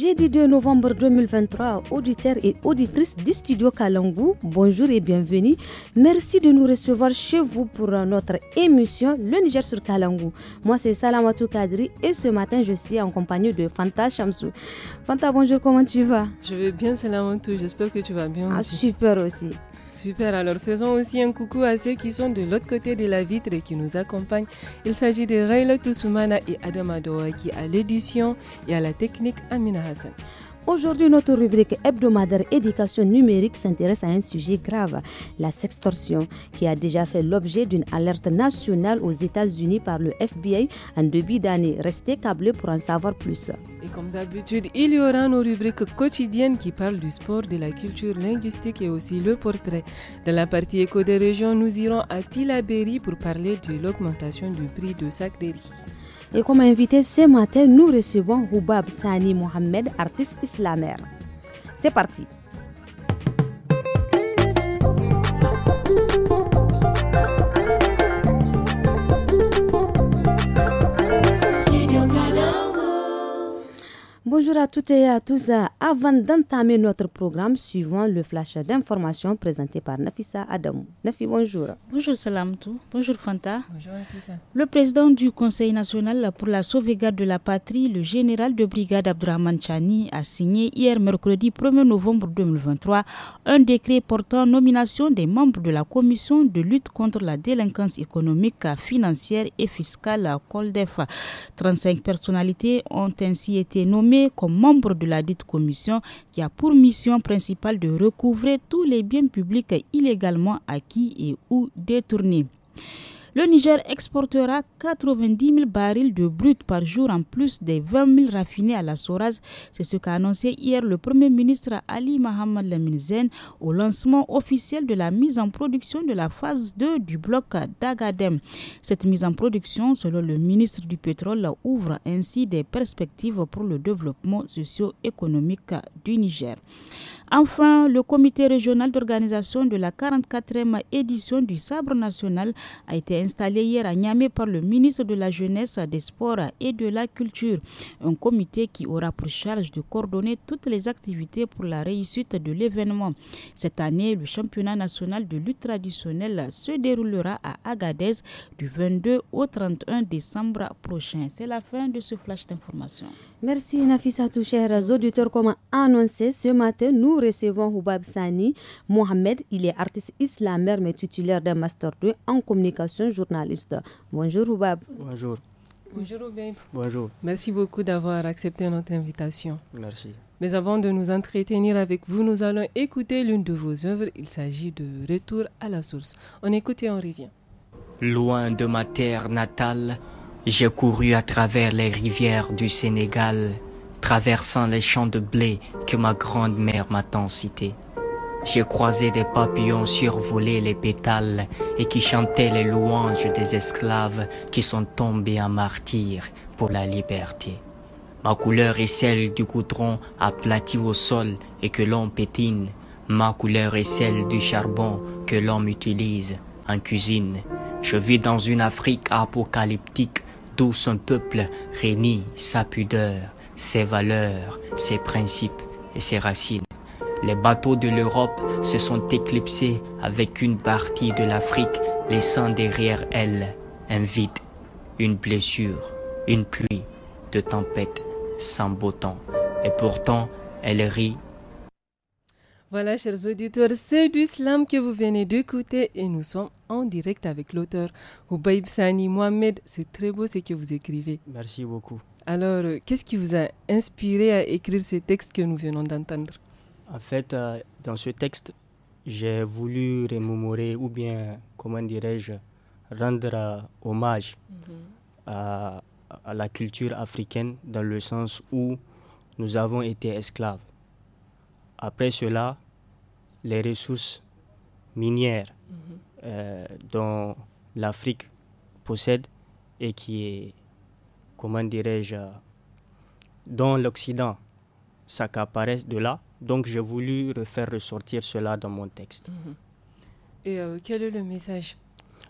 Jeudi 2 novembre 2023, auditeurs et auditrices du studio Kalangou, bonjour et bienvenue. Merci de nous recevoir chez vous pour notre émission Le Niger sur Kalangou. Moi, c'est Salamatou Kadri et ce matin, je suis en compagnie de Fanta Chamsou. Fanta, bonjour, comment tu vas Je vais bien, Salamatou, j'espère que tu vas bien. Ah, aussi. Ah, super aussi. Super, alors faisons aussi un coucou à ceux qui sont de l'autre côté de la vitre et qui nous accompagnent. Il s'agit de Rayla Toussoumana et Adam Adoua qui à l'édition et à la technique Amina Hassan. Aujourd'hui, notre rubrique hebdomadaire éducation numérique s'intéresse à un sujet grave, la sextorsion, qui a déjà fait l'objet d'une alerte nationale aux États-Unis par le FBI en début d'année. Restez câblés pour en savoir plus. Et comme d'habitude, il y aura nos rubriques quotidiennes qui parlent du sport, de la culture linguistique et aussi le portrait. Dans la partie éco des régions, nous irons à Tilaberi pour parler de l'augmentation du prix de sac des et comme invité ce matin, nous recevons Houbab Sani Mohamed, artiste islamère. C'est parti. Bonjour à toutes et à tous. Avant d'entamer notre programme, suivant le flash d'information présenté par Nafissa Adamou. Nafi, bonjour. Bonjour tout. Bonjour Fanta. Bonjour Nafissa. Le président du Conseil national pour la sauvegarde de la patrie, le général de brigade Abdourahman Chani, a signé hier mercredi 1er novembre 2023 un décret portant nomination des membres de la commission de lutte contre la délinquance économique, financière et fiscale Coldef. 35 personnalités ont ainsi été nommées comme membre de la dite commission qui a pour mission principale de recouvrer tous les biens publics illégalement acquis et ou détournés. Le Niger exportera 90 000 barils de brut par jour en plus des 20 000 raffinés à la Soraz. C'est ce qu'a annoncé hier le Premier ministre Ali Mohamed Leminzen au lancement officiel de la mise en production de la phase 2 du bloc d'Agadem. Cette mise en production, selon le ministre du Pétrole, ouvre ainsi des perspectives pour le développement socio-économique du Niger. Enfin, le comité régional d'organisation de la 44e édition du Sabre national a été installé hier à Niamey par le ministre de la Jeunesse, des Sports et de la Culture, un comité qui aura pour charge de coordonner toutes les activités pour la réussite de l'événement. Cette année, le championnat national de lutte traditionnelle se déroulera à Agadez du 22 au 31 décembre prochain. C'est la fin de ce flash d'information. Merci Nafisa chers auditeurs. Comme annoncé, ce matin, nous recevons Houbab Sani Mohamed. Il est artiste islamère mais titulaire d'un Master 2 en communication journaliste. Bonjour Houbab. Bonjour. Bonjour Houbab. Bonjour. Merci beaucoup d'avoir accepté notre invitation. Merci. Mais avant de nous entretenir avec vous, nous allons écouter l'une de vos œuvres. Il s'agit de Retour à la source. On écoute et on revient. Loin de ma terre natale, j'ai couru à travers les rivières du Sénégal, traversant les champs de blé que ma grande-mère m'a tant cités. J'ai croisé des papillons survoler les pétales et qui chantaient les louanges des esclaves qui sont tombés en martyrs pour la liberté. Ma couleur est celle du goudron aplati au sol et que l'on pétine. Ma couleur est celle du charbon que l'homme utilise en cuisine. Je vis dans une Afrique apocalyptique d'où son peuple réunit sa pudeur, ses valeurs, ses principes et ses racines. Les bateaux de l'Europe se sont éclipsés avec une partie de l'Afrique, laissant derrière elle un vide, une blessure, une pluie de tempête sans beau temps. Et pourtant, elle rit voilà, chers auditeurs, c'est du slam que vous venez d'écouter et nous sommes en direct avec l'auteur Oubaïb Sani Mohamed. C'est très beau ce que vous écrivez. Merci beaucoup. Alors, euh, qu'est-ce qui vous a inspiré à écrire ces textes que nous venons d'entendre En fait, euh, dans ce texte, j'ai voulu remémorer ou bien, comment dirais-je, rendre euh, hommage mhm. à la culture africaine dans le sens où nous avons été esclaves. Après cela, les ressources minières mm-hmm. euh, dont l'Afrique possède et qui est, comment dirais-je, dont l'Occident s'accaparesse de là. Donc j'ai voulu faire ressortir cela dans mon texte. Mm-hmm. Et euh, quel est le message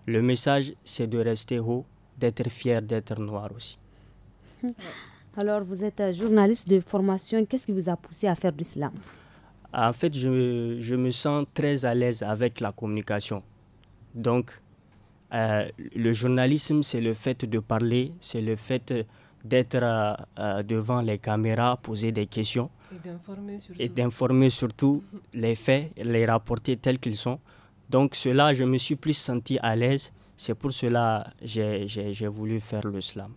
Le message, c'est de rester haut, d'être fier d'être noir aussi. Alors vous êtes journaliste de formation, qu'est-ce qui vous a poussé à faire de l'islam en fait, je, me sens très à l'aise avec la communication. Donc, euh, le journalisme, c'est le fait de parler, c'est le fait d'être euh, euh, devant les caméras, poser des questions. Et d'informer surtout. surtout. les faits, les rapporter tels qu'ils sont. Donc cela, je me suis plus senti à l'aise. C'est pour cela que j'ai voulu faire le slam.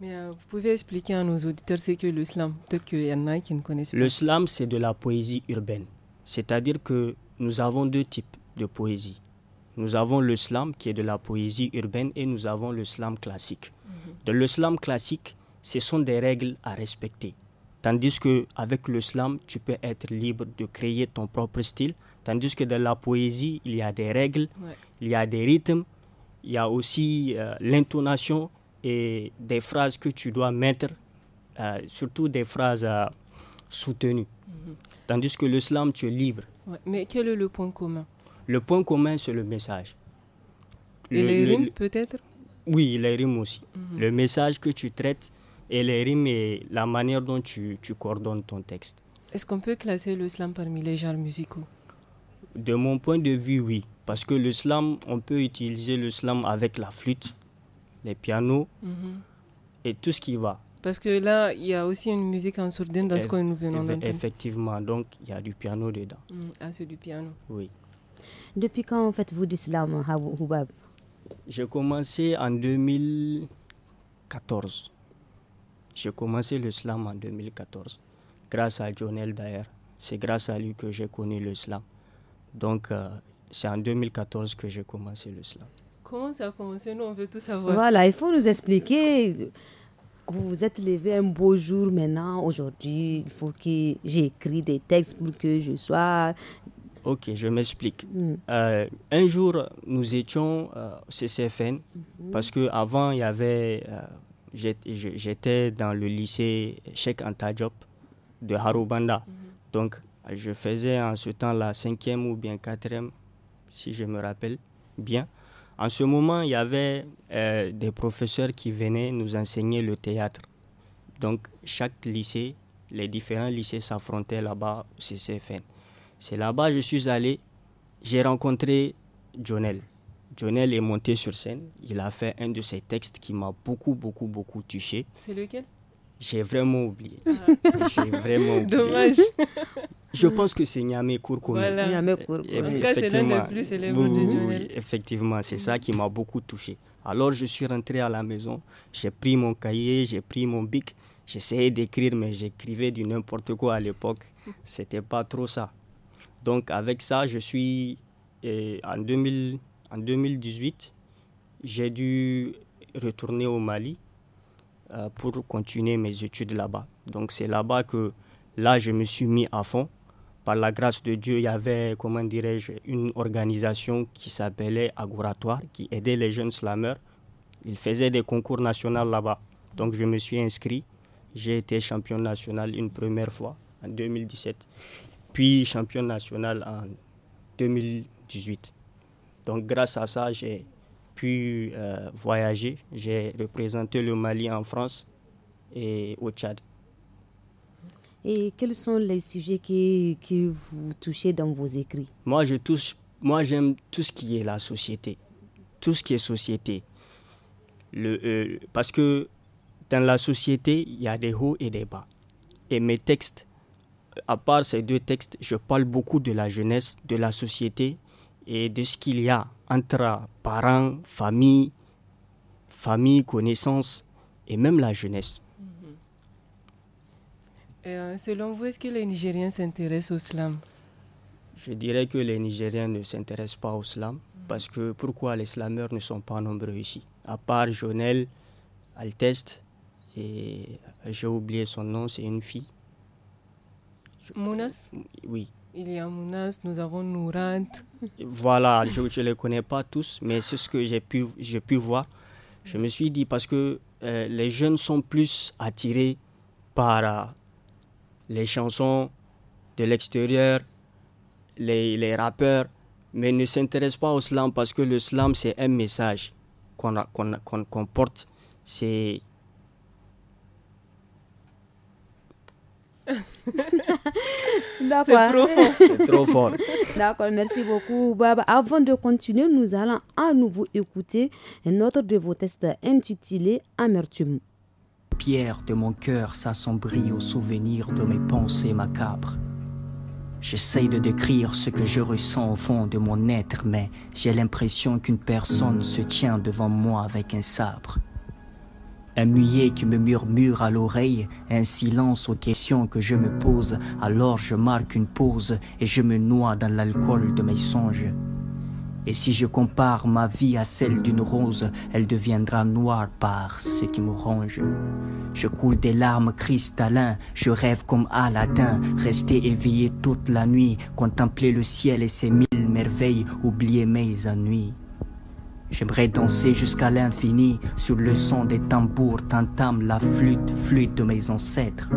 Mais euh, vous pouvez expliquer à nos auditeurs ce que le slam Peut-être qu'il y en a qui ne connaissent pas. Le slam, c'est de la poésie urbaine. C'est-à-dire que nous avons deux types de poésie. Nous avons le slam qui est de la poésie urbaine et nous avons le slam classique. Mhm. Dans le slam classique, ce sont des règles à respecter. Tandis que avec le slam, tu peux être libre de créer ton propre style. Tandis que dans la poésie, il y a des règles, il y a des rythmes, il y a aussi euh, l'intonation, et des phrases que tu dois mettre, euh, surtout des phrases euh, soutenues. Mhm. Tandis que slam tu es libre. mais quel est le point commun Le point commun, c'est le message. et les rimes, peut-être Oui, les rimes aussi. Mhm. Le message que tu traites et les rimes et la manière dont tu, tu coordonnes ton texte. Est-ce qu'on peut classer le slam parmi les genres musicaux De mon point de vue, oui. Parce que le slam on peut utiliser le slam avec la flûte, les pianos mhm. et tout ce qui va. Parce que là, il y a aussi une musique en sourdine dans ce que nous venons d'entendre. Effectivement, donc il y a du piano dedans. Mm, ah, c'est du piano. Oui. Depuis quand faites-vous du slam, Houbab J'ai commencé en 2014. J'ai commencé le slam en 2014, grâce à Jonel d'ailleurs. C'est grâce à lui que j'ai connu le slam. Donc, euh, c'est en 2014 que j'ai commencé le slam. Comment ça a commencé Nous, on veut tout savoir. Voilà, il faut nous expliquer. Vous vous êtes levé un beau jour maintenant, aujourd'hui. Il faut que j'écris des textes pour que je sois. Ok, je m'explique. Hmm. Euh, un jour, nous étions au euh, CCFN mhm. parce qu'avant, il y avait. Euh, j'étais dans le lycée Cheikh Anta de Harobanda. Mhm. Donc, je faisais en ce temps la cinquième ou bien quatrième, si je me rappelle bien. En ce moment, il y avait euh, des professeurs qui venaient nous enseigner le théâtre. Donc, chaque lycée, les différents lycées s'affrontaient là-bas au CCFN. C'est là-bas que je suis allé, j'ai rencontré Jonel. Jonel est monté sur scène, il a fait un de ses textes qui m'a beaucoup, beaucoup, beaucoup touché. C'est lequel j'ai vraiment oublié. Ah. J'ai vraiment oublié. Dommage. Je mm. pense que c'est Niamey Kourkoum. Voilà. Niamey En c'est l'un des plus célèbres de Journal. effectivement, c'est ça qui m'a beaucoup touché. Alors, je suis rentré à la maison, j'ai pris mon cahier, j'ai pris mon bic, j'essayais d'écrire, mais j'écrivais du n'importe quoi à l'époque. C'était pas trop ça. Donc, avec ça, je suis. Eh, en, 2000, en 2018, j'ai dû retourner au Mali euh, pour continuer mes études là-bas. Donc, c'est là-bas que là, je me suis mis à fond par la grâce de Dieu, il y avait, comment dirais-je, une organisation qui s'appelait Agoratoire, qui aidait les jeunes slameurs. Ils faisaient des concours nationaux là-bas. Donc je me suis inscrit. J'ai été champion national une première fois en 2017, puis champion national en 2018. Donc grâce à ça, j'ai pu euh, voyager. J'ai représenté le Mali en France et au Tchad. Et quels sont les sujets que, vous touchez dans vos écrits Moi, je touche, moi j'aime tout ce qui est la société. Tout ce qui est société. Le, euh, parce que dans la société, il y a des hauts et des bas. Et mes textes, à part ces deux textes, je parle beaucoup de la jeunesse, de la société et de ce qu'il y a entre parents, famille, famille, connaissances et même la jeunesse. Euh, selon vous, est-ce que les Nigériens s'intéressent au slam Je dirais que les Nigériens ne s'intéressent pas au slam parce que pourquoi les slameurs ne sont pas nombreux ici À part Jonel, Alteste et j'ai oublié son nom, c'est une fille. Mounas euh, Oui. Il y a Mounas, nous avons Nourant. Voilà, je ne les connais pas tous, mais c'est ce que j'ai pu, pu voir. Je me suis dit parce que euh, les jeunes sont plus attirés par les chansons de l'extérieur, les, rappeurs, mais ne s'intéressent pas au slam parce que le slam, c'est un message qu'on porte. C'est. C'est trop fort. C'est trop fort. D'accord, merci beaucoup. Avant de continuer, nous allons à nouveau écouter un autre de vos tests intitulé Amertume pierre de mon cœur s'assombrit au souvenir de mes pensées macabres. J'essaye de décrire ce que je ressens au fond de mon être, mais j'ai l'impression qu'une personne se tient devant moi avec un sabre. Un muet qui me murmure à l'oreille, un silence aux questions que je me pose, alors je marque une pause et je me noie dans l'alcool de mes songes. Et si je compare ma vie à celle d'une rose, elle deviendra noire par ce qui me ronge. Je coule des larmes cristallins, je rêve comme Aladdin, rester éveillé toute la nuit, contempler le ciel et ses mille merveilles, oublier mes ennuis. J'aimerais danser jusqu'à l'infini, sur le son des tambours t'entame la flûte, flûte de mes ancêtres.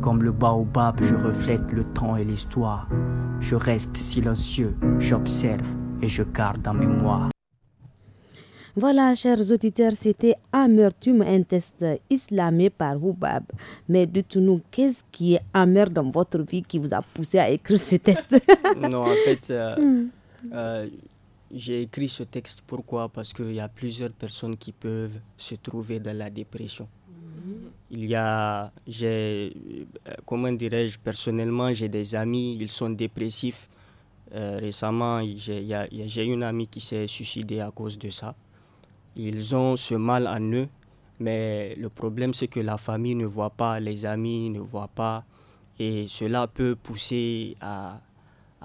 Comme le baobab, je reflète le temps et l'histoire. Je reste silencieux, j'observe, je garde en mémoire. Voilà, chers auditeurs, c'était Amertume, un test islamé par Houbab. Mais dites-nous, qu'est-ce qui est amer dans votre vie qui vous a poussé à écrire ce test Non, en fait, euh, hmm. euh, j'ai écrit ce texte pourquoi Parce qu'il y a plusieurs personnes qui peuvent se trouver dans la dépression. Il y a, j'ai, euh, comment dirais-je, personnellement, j'ai des amis, ils sont dépressifs euh, récemment, j'ai une amie qui s'est suicidée à cause de ça. Ils ont ce mal en eux, mais le problème, c'est que la famille ne voit pas, les amis ne voient pas, et cela peut pousser à,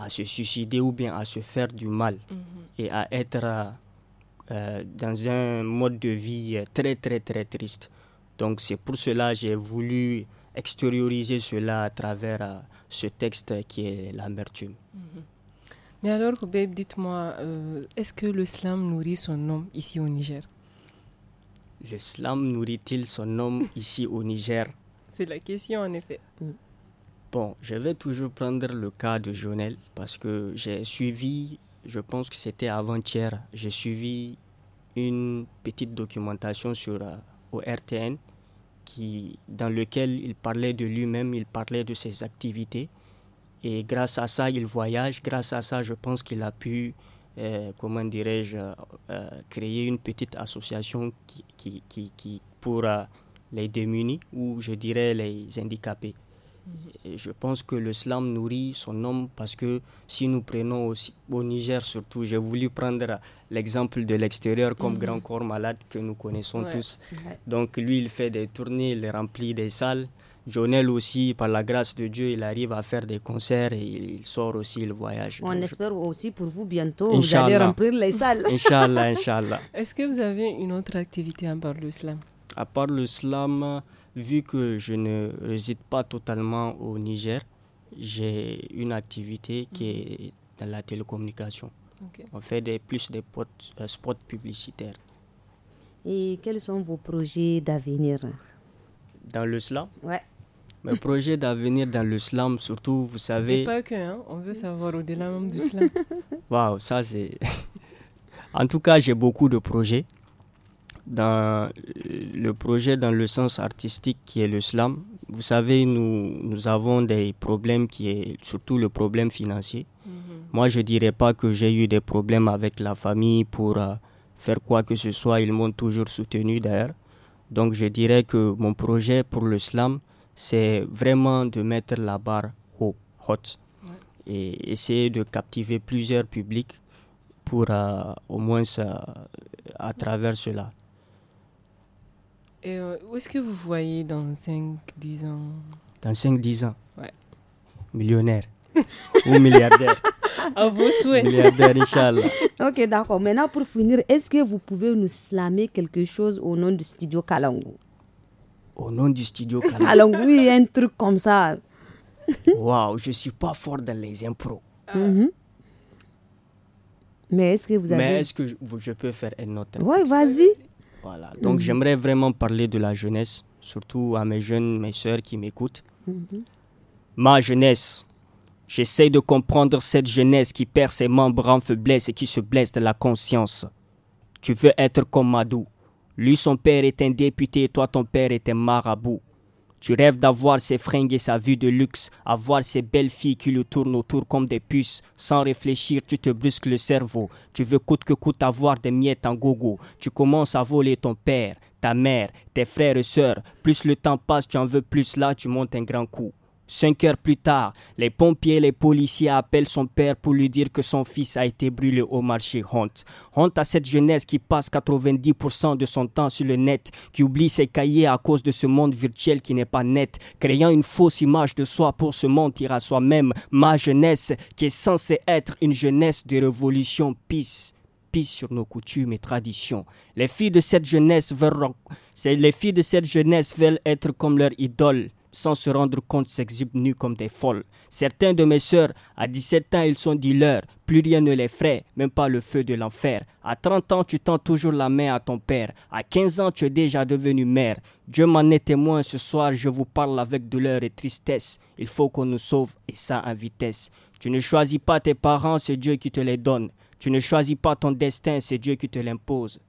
se suicider ou bien à se faire du mal mhm. et à être euh, dans un mode de vie très, très, très triste. Donc, c'est pour cela que j'ai voulu extérioriser cela à travers euh, ce texte qui est l'amertume. Mhm. Mais alors, Koubeb, dites-moi, euh, est-ce que le slam nourrit son homme ici au Niger Le slam nourrit-il son homme ici au Niger C'est la question, en effet. Mm. Bon, je vais toujours prendre le cas de Jonel parce que j'ai suivi, je pense que c'était avant-hier, j'ai suivi une petite documentation sur ORTN euh, au RTN dans lequel il parlait de lui-même, il parlait de ses activités et grâce à ça, il voyage. Grâce à ça, je pense qu'il a pu, euh, comment dirais-je, euh, créer une petite association qui, qui, pour les démunis ou je dirais les handicapés. Mhm. je pense que le slam nourrit son homme parce que si nous prenons aussi, au Niger surtout, j'ai voulu prendre l'exemple de l'extérieur comme mhm. grand corps malade que nous connaissons tous. Donc lui, il fait des tournées, il remplit des salles. Jonel aussi, par la grâce de Dieu, il arrive à faire des concerts et il sort aussi, le voyage. On espère aussi pour vous bientôt, vous allez remplir les salles. Inch'Allah, Inch'Allah. Est-ce que vous avez une autre activité à part le slam À part le slam, vu que je ne réside pas totalement au Niger, j'ai une activité qui est dans la télécommunication. On fait des, plus des euh, spots publicitaires. Et quels sont vos projets d'avenir dans le slam. Ouais. Mes projets d'avenir dans le slam, surtout, vous savez. Et pas que, hein? on veut savoir au-delà même du slam. Waouh, ça c'est. en tout cas, j'ai beaucoup de projets. Dans euh, le projet dans le sens artistique qui est le slam, vous savez, nous, nous avons des problèmes qui est surtout le problème financier. Mhm. Moi, je dirais pas que j'ai eu des problèmes avec la famille pour euh, faire quoi que ce soit. Ils m'ont toujours soutenu d'ailleurs. Donc je dirais que mon projet pour le slam, c'est vraiment de mettre la barre haut, haute et essayer de captiver plusieurs publics pour euh, au moins à travers cela. Et euh, où est-ce que vous voyez dans 5-10 ans Dans 5-10 ans Ouais. Millionnaire ou milliardaire à vos souhaits. Ok, d'accord. Maintenant, pour finir, est-ce que vous pouvez nous slammer quelque chose au nom du studio Kalangu Au nom du studio Kalangu oui, un truc comme ça. Waouh, je suis pas fort dans les impro. Ah. Mhm. Mais est-ce que vous avez. Mais est-ce que je, peux faire une autre Oui, vas-y. Voilà. Donc, mhm. j'aimerais vraiment parler de la jeunesse, surtout à mes jeunes, mes sœurs qui m'écoutent. Mhm. Ma jeunesse, J'essaie de comprendre cette jeunesse qui perd ses membres en faiblesse et qui se blesse de la conscience. Tu veux être comme Madou. Lui, son père est un député et toi, ton père est un marabout. Tu rêves d'avoir ses fringues et sa vue de luxe, avoir ses belles filles qui lui tournent autour comme des puces. Sans réfléchir, tu te brusques le cerveau. Tu veux coûte que coûte avoir des miettes en gogo. Tu commences à voler ton père, ta mère, tes frères et sœurs. Plus le temps passe, tu en veux plus. Là, tu montes un grand coup. Cinq heures plus tard, les pompiers et les policiers appellent son père pour lui dire que son fils a été brûlé au marché Honte. Honte à cette jeunesse qui passe 90% de son temps sur le net, qui oublie ses cahiers à cause de ce monde virtuel qui n'est pas net, créant une fausse image de soi pour se mentir à soi-même. Ma jeunesse, qui est censée être une jeunesse de révolution, peace pisse sur nos coutumes et traditions. Les filles de cette jeunesse veulent, les filles de cette jeunesse veulent être comme leur idole sans se rendre compte, s'exhibent nus comme des folles. Certains de mes sœurs, à 17 ans, ils sont dealers, plus rien ne les ferait, même pas le feu de l'enfer. À 30 ans, tu tends toujours la main à ton père. À 15 ans, tu es déjà devenu mère. Dieu m'en est témoin, ce soir, je vous parle avec douleur et tristesse. Il faut qu'on nous sauve, et ça à vitesse. Tu ne choisis pas tes parents, c'est Dieu qui te les donne. Tu ne choisis pas ton destin, c'est Dieu qui te l'impose.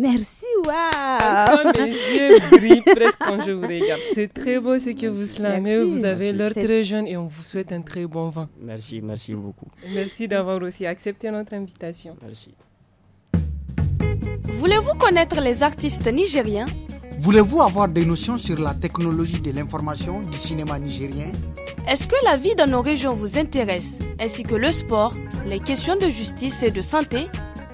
Merci, waouh! mes yeux brillent presque quand je vous regarde. C'est très beau ce que vous slamez. vous avez l'air très jeune et on vous souhaite un très bon vent. Merci, merci beaucoup. Merci d'avoir aussi accepté notre invitation. Merci. Voulez-vous connaître les artistes nigériens? Voulez-vous avoir des notions sur la technologie de l'information du cinéma nigérien Est-ce que la vie dans nos régions vous intéresse, ainsi que le sport, les questions de justice et de santé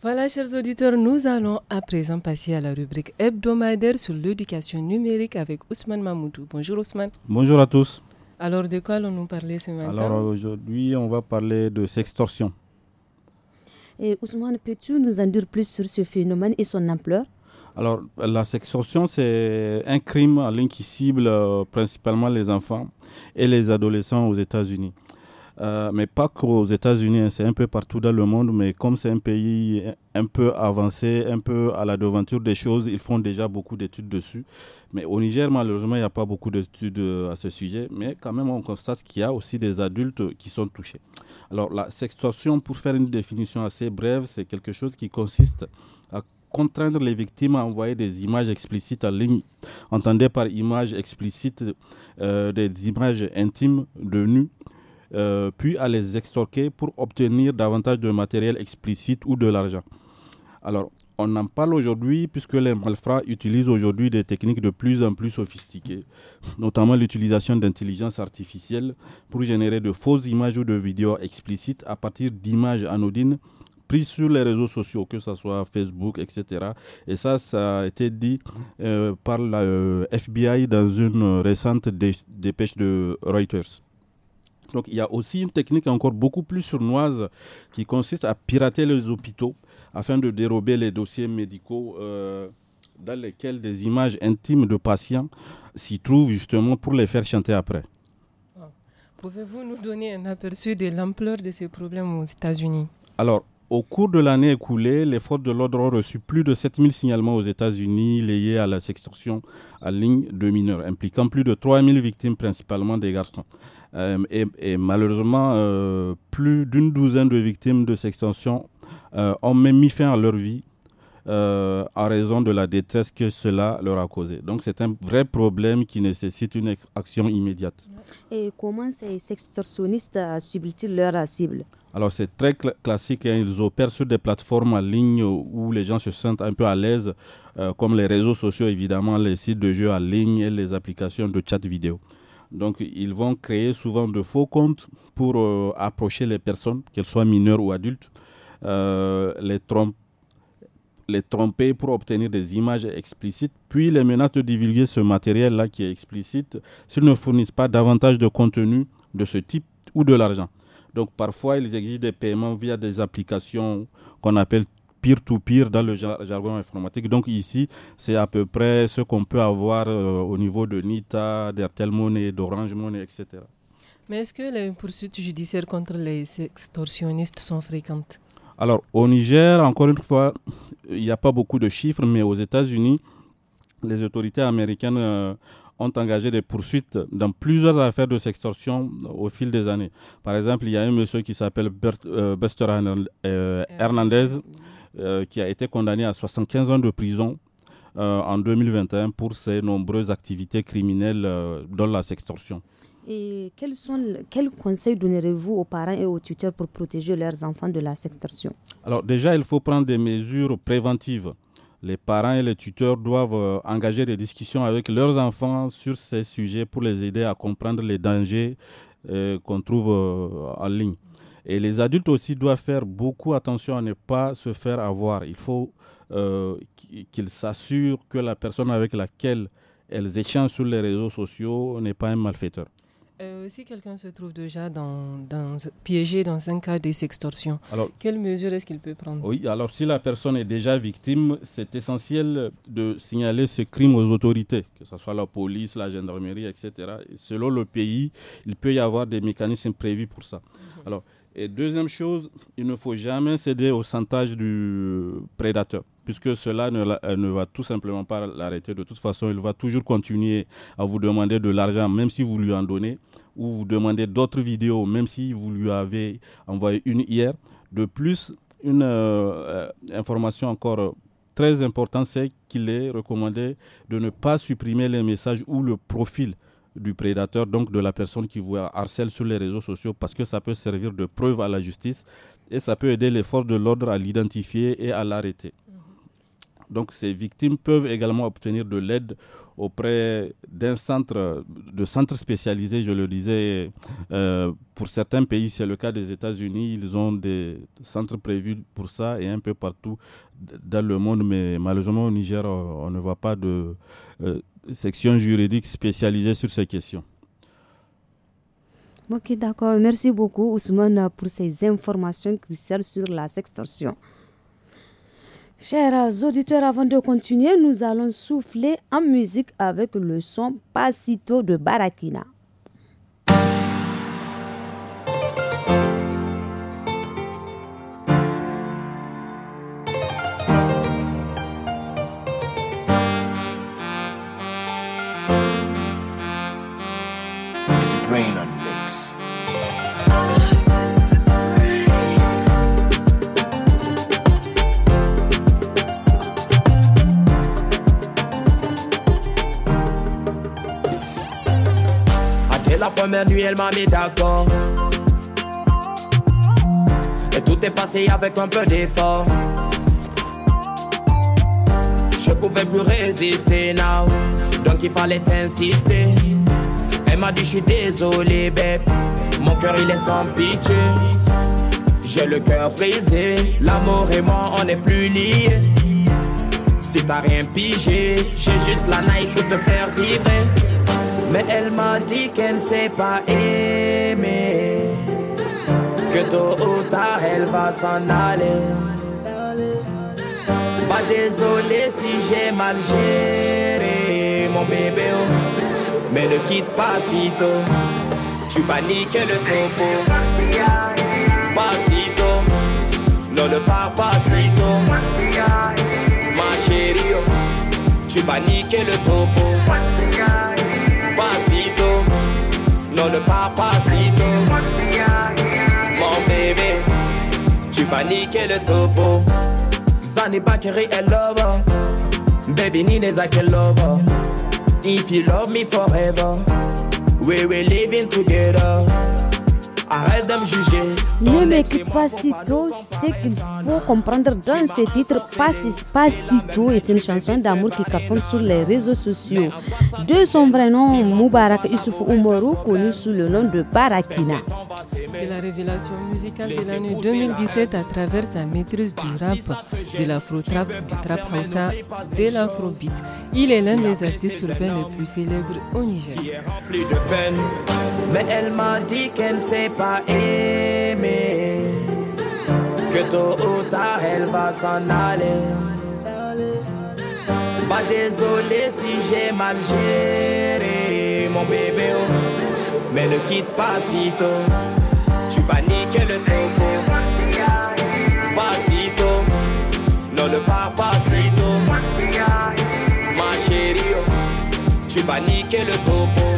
Voilà, chers auditeurs, nous allons à présent passer à la rubrique hebdomadaire sur l'éducation numérique avec Ousmane Mamoudou. Bonjour Ousmane. Bonjour à tous. Alors, de quoi allons-nous parler ce matin Alors, aujourd'hui, on va parler de sextorsion. Et Ousmane, peux-tu nous en dire plus sur ce phénomène et son ampleur Alors, la sextorsion, c'est un crime qui cible euh, principalement les enfants et les adolescents aux États-Unis. Euh, mais pas qu'aux États-Unis, hein, c'est un peu partout dans le monde, mais comme c'est un pays un peu avancé, un peu à la devanture des choses, ils font déjà beaucoup d'études dessus. Mais au Niger, malheureusement, il n'y a pas beaucoup d'études euh, à ce sujet, mais quand même, on constate qu'il y a aussi des adultes qui sont touchés. Alors, la sextorsion, pour faire une définition assez brève, c'est quelque chose qui consiste à contraindre les victimes à envoyer des images explicites en ligne. Entendez par images explicites euh, des images intimes de nus euh, puis à les extorquer pour obtenir davantage de matériel explicite ou de l'argent. Alors, on en parle aujourd'hui puisque les malfrats utilisent aujourd'hui des techniques de plus en plus sophistiquées, notamment l'utilisation d'intelligence artificielle pour générer de fausses images ou de vidéos explicites à partir d'images anodines prises sur les réseaux sociaux, que ce soit Facebook, etc. Et ça, ça a été dit euh, par la euh, FBI dans une récente dépêche de Reuters. Donc il y a aussi une technique encore beaucoup plus sournoise qui consiste à pirater les hôpitaux afin de dérober les dossiers médicaux euh, dans lesquels des images intimes de patients s'y trouvent justement pour les faire chanter après. Ah. Pouvez-vous nous donner un aperçu de l'ampleur de ces problèmes aux États-Unis Alors, au cours de l'année écoulée, les forces de l'ordre ont reçu plus de 7000 signalements aux États-Unis liés à la sextorsion à ligne de mineurs, impliquant plus de 3000 victimes, principalement des garçons. Euh, et, malheureusement, euh, plus d'une douzaine de victimes de sextorsion euh, ont même mis fin à leur vie en euh, raison de la détresse que cela leur a causé. Donc c'est un vrai problème qui nécessite une action immédiate. Et comment ces extorsionnistes euh, subissent leur euh, cible Alors c'est très classique, hein. ils opèrent sur des plateformes en ligne où les gens se sentent un peu à l'aise, comme les réseaux sociaux évidemment, les sites de jeux en ligne et les applications de chat vidéo. Donc ils vont créer souvent de faux comptes pour approcher les personnes, qu'elles soient mineures ou adultes, les tromper les tromper pour obtenir des images explicites, puis les menaces de divulguer ce matériel-là qui est explicite s'ils ne fournissent pas davantage de contenu de ce type ou de l'argent. Donc parfois, il existe des paiements via des applications qu'on appelle peer-to-peer dans le jargon informatique. Donc ici, c'est à peu près ce qu'on peut avoir euh, au niveau de Nita, d'Airtel Money, d'Orange Money, etc. Mais est-ce que les poursuites judiciaires contre les extorsionnistes sont fréquentes alors, au Niger, encore une fois, il n'y a pas beaucoup de chiffres, mais aux États-Unis, les autorités américaines euh, ont engagé des poursuites dans plusieurs affaires de sextorsion au fil des années. Par exemple, il y a un monsieur qui s'appelle euh, Buster euh, Hernandez qui a été condamné à 75 ans de prison en 2021 pour ses nombreuses activités criminelles, dans la sextorsion. Et quels, sont, quels conseils donnerez-vous aux parents et aux tuteurs pour protéger leurs enfants de la sextorsion Alors déjà, il faut prendre des mesures préventives. Les parents et les tuteurs doivent euh, engager des discussions avec leurs enfants sur ces sujets pour les aider à comprendre les dangers euh, qu'on trouve euh, en ligne. Et les adultes aussi doivent faire beaucoup attention à ne pas se faire avoir. Il faut qu'ils s'assurent que la personne avec laquelle elles échangent sur les réseaux sociaux n'est pas un malfaiteur. Euh, si quelqu'un se trouve déjà dans, piégé dans un cas de sextorsion, quelles mesures est-ce qu'il peut prendre Oui, alors si la personne est déjà victime, c'est essentiel de signaler ce crime aux autorités, que ce soit la police, la gendarmerie, etc. selon le pays, il peut y avoir des mécanismes prévus pour ça. Mhm. Alors, et deuxième chose, il ne faut jamais céder au santage du prédateur puisque cela ne, euh, ne, va tout simplement pas l'arrêter. De toute façon, il va toujours continuer à vous demander de l'argent, même si vous lui en donnez ou vous demandez d'autres vidéos, même si vous lui avez envoyé une hier. De plus, une euh, euh, information encore euh, très importante, c'est qu'il est recommandé de ne pas supprimer les messages ou le profil du prédateur, donc de la personne qui vous harcèle sur les réseaux sociaux, parce que ça peut servir de preuve à la justice et ça peut aider les forces de l'ordre à l'identifier et à l'arrêter. Mhm. Donc ces victimes peuvent également obtenir de l'aide auprès d'un centre, de centres spécialisés, je le disais, euh, pour certains pays, c'est le cas des États-Unis, ils ont des centres prévus pour ça et un peu partout dans le monde, mais malheureusement au Niger, on, ne voit pas de euh, section juridique spécialisée sur ces questions. Ok, d'accord. Merci beaucoup, Ousmane, pour ces informations cruciales sur la sextorsion. Chers auditeurs, avant de continuer, nous allons souffler en musique avec le son Pasito de Barakina. première nuit, elle m'a mis d'accord. Et tout est passé avec un peu d'effort. Je pouvais plus résister now, donc il fallait insister. Elle m'a dit je suis désolé, bébé. Mon cœur il est sans pitié. J'ai le cœur brisé, l'amour et moi on n'est plus liés. Si t'as rien pigé, j'ai juste la night pour te faire vibrer. Mais elle m'a dit qu'elle ne sait pas aimer, Que tôt ou tard elle va s'en aller. Bah désolé si j'ai mal géré mon bébé. Oh. Mais ne quitte pas si tôt. Tu niquer le topo. Pas si tôt. Non, ne pars pas si tôt. Ma chérie, oh. Tu tu niquer le topo. le papacito. Mon bébé, tu vas niquer le topo. pas Bakery réel lover. Baby ni les can love lover. If you love me forever, we will live in together. Arrête me juger. Ne pas si tôt, c'est qu'il faut comprendre dans ce titre. Pas, pas si tôt est une chanson d'amour qui cartonne sur les réseaux sociaux. De son vrai nom, Moubarak Issoufou Oumarou, connu sous le nom de Barakina. C'est la révélation musicale de l'année 2017 à travers sa maîtrise du bah, rap, de l'afro-trap, du trap hausa, de l'afro-beat. Il est l'un des artistes urbains les plus célèbres au Niger. Mais elle m'a dit qu'elle ne sait pas aimé. Que tôt ou tard, elle va s'en aller. Pas bah, désolé si j'ai mal géré mon bébé. Oh. Mais ne quitte pas si tôt. Tu niquer le topo Pas si tôt. Non, ne pas si tôt. Ma chérie, oh. tu niquer le topo.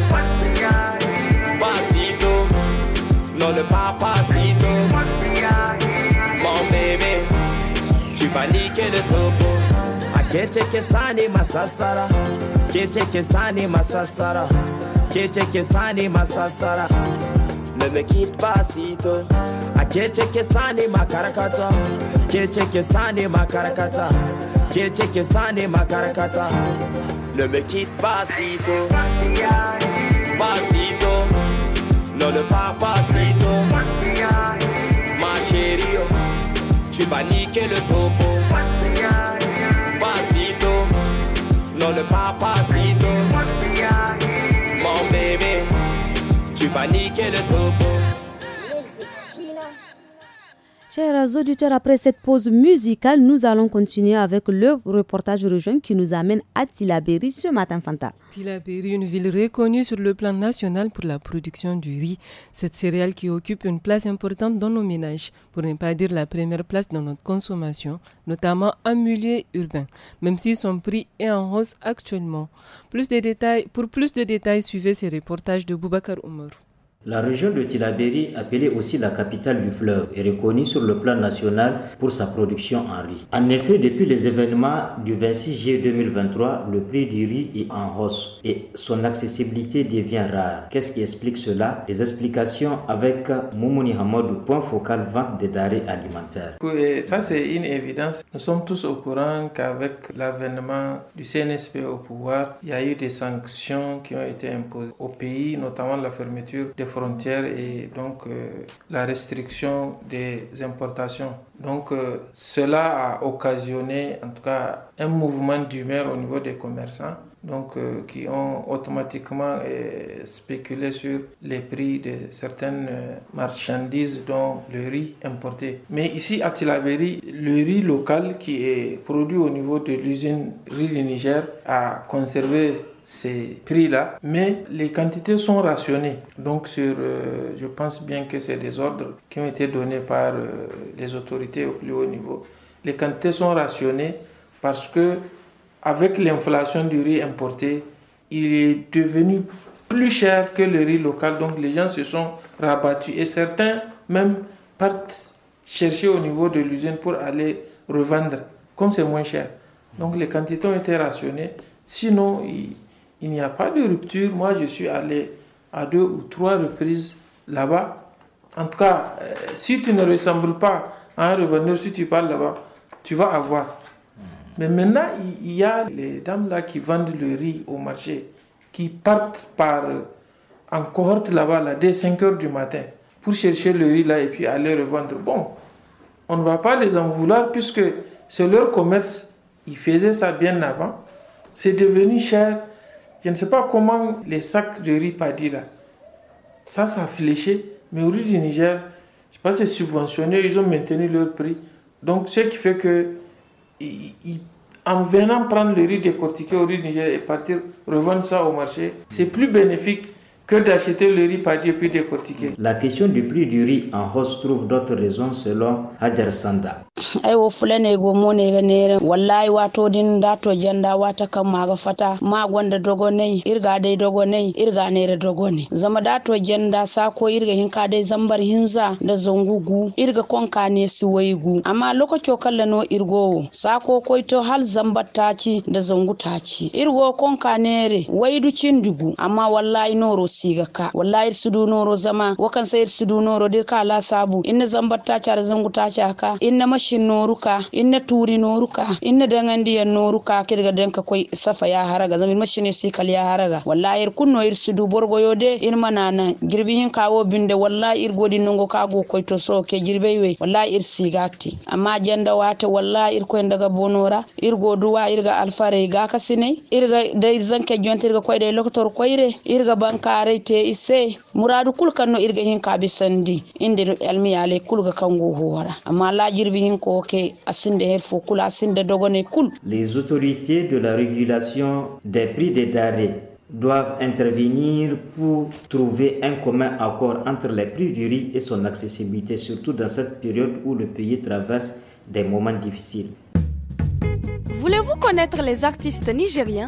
le papacito. Mon bébé, tu vas niquer le topo. Akeche kesani masasara, keche kesani masasara, keche kesani masasara. Ne me quitte pas si tôt. Akeche kesani makarakata, keche kesani makarakata, keche kesani makarakata. Ne me quitte pas si tôt. Pas non le papacito, Sito, Ma chérie, oh, tu vas niquer le topo. Pasito, non le papacito. Mon bébé, tu vas niquer le topo. Chers auditeurs, après cette pause musicale, nous allons continuer avec le reportage rejoint qui nous amène à Tilaberi ce matin, Fanta. Tilaberi, une ville reconnue sur le plan national pour la production du riz, cette céréale qui occupe une place importante dans nos ménages, pour ne pas dire la première place dans notre consommation, notamment en milieu urbain, même si son prix est en hausse actuellement. Plus de détails, pour plus de détails, suivez ces reportages de Boubacar Oumarou. La région de Tilaberi, appelée aussi la capitale du fleuve, est reconnue sur le plan national pour sa production en riz. En effet, depuis les événements du 26 juillet 2023, le prix du riz est en hausse et son accessibilité devient rare. Qu'est-ce qui explique cela Les explications avec Moumouni Hamadou, point focal vente des denrées alimentaires. ça, c'est une évidence. Nous sommes tous au courant qu'avec l'avènement du CNSP au pouvoir, il y a eu des sanctions qui ont été imposées au pays, notamment la fermeture des frontières et donc euh, la restriction des importations. Donc euh, cela a occasionné en tout cas un mouvement d'humeur au niveau des commerçants donc, euh, qui ont automatiquement spéculé sur les prix de certaines marchandises, dont le riz importé. Mais ici à Tilaberi, le riz local qui est produit au niveau de l'usine Riz du Niger a conservé ces prix-là, mais les quantités sont rationnées. Donc sur, euh, je pense bien que c'est des ordres qui ont été donnés par euh, les autorités au plus haut niveau. Les quantités sont rationnées parce que avec l'inflation du riz importé, il est devenu plus cher que le riz local. Donc les gens se sont rabattus et certains même partent chercher au niveau de l'usine pour aller revendre, comme c'est moins cher. Donc les quantités ont été rationnées. Sinon, ils il n'y a pas de rupture. Moi, je suis allé à deux ou trois reprises là-bas. En tout cas, euh, si tu ne ressembles pas à un revendeur, si tu parles là-bas, tu vas avoir. Mais maintenant, il y a les dames là qui vendent le riz au marché, qui partent par euh, en cohorte là-bas là, dès 5 heures du matin pour chercher le riz là et puis aller revendre. Bon, on ne va pas les en vouloir puisque c'est leur commerce. Ils faisaient ça bien avant. C'est devenu cher je ne sais pas comment les sacs de riz paddy là, ça, ça fléché. Mais au riz du Niger, je ne pas si c'est subventionné, ils ont maintenu leur prix. Donc, ce qui fait que, en venant prendre le riz décortiqué au riz du Niger et partir revendre ça au marché, c'est plus bénéfique que d'acheter le riz paddy et puis décortiquer. La question du prix du riz en hausse trouve d'autres raisons selon Hadjar Sanda. ai wo fulane go mone ga nere wallahi wato din to janda wata kan maga fata ma gonda dogo nei irga dai dogo nei irga nere dogo ne zama to janda sako irga hin ka dai zambar hinza da zongugu irga ka ne su waigu amma lokaco kala no irgo sako koito hal zambar taci da zongu taci irgo kankanere nere waidu cindugu amma wallahi noro siga ka wallahi sudu noro zama wakan sayir sudu noro dirka la sabu inna zambar taci da zongu taci ka inna mashi mashin noruka inna turi noruka inna dangandi yan noruka kirga danka koi safa ya haraga zamir ne sai kal ya haraga wallahi ir kunno ir sudu borgo yode in manana girbi hin kawo binde wallahi ir godi nongo kago koi to so ke girbe we wallahi ir sigati amma janda wata wallahi ir koi daga bonora ir ir irga alfare ga kasine irga dai zanke ga koi dai loktor koyre irga bankare te ise muradu kul kanno irga hin kabisandi indir almiyale kulga kango hora amma la jirbi Les autorités de la régulation des prix des denrées doivent intervenir pour trouver un commun accord entre les prix du riz et son accessibilité, surtout dans cette période où le pays traverse des moments difficiles. Voulez-vous connaître les artistes nigériens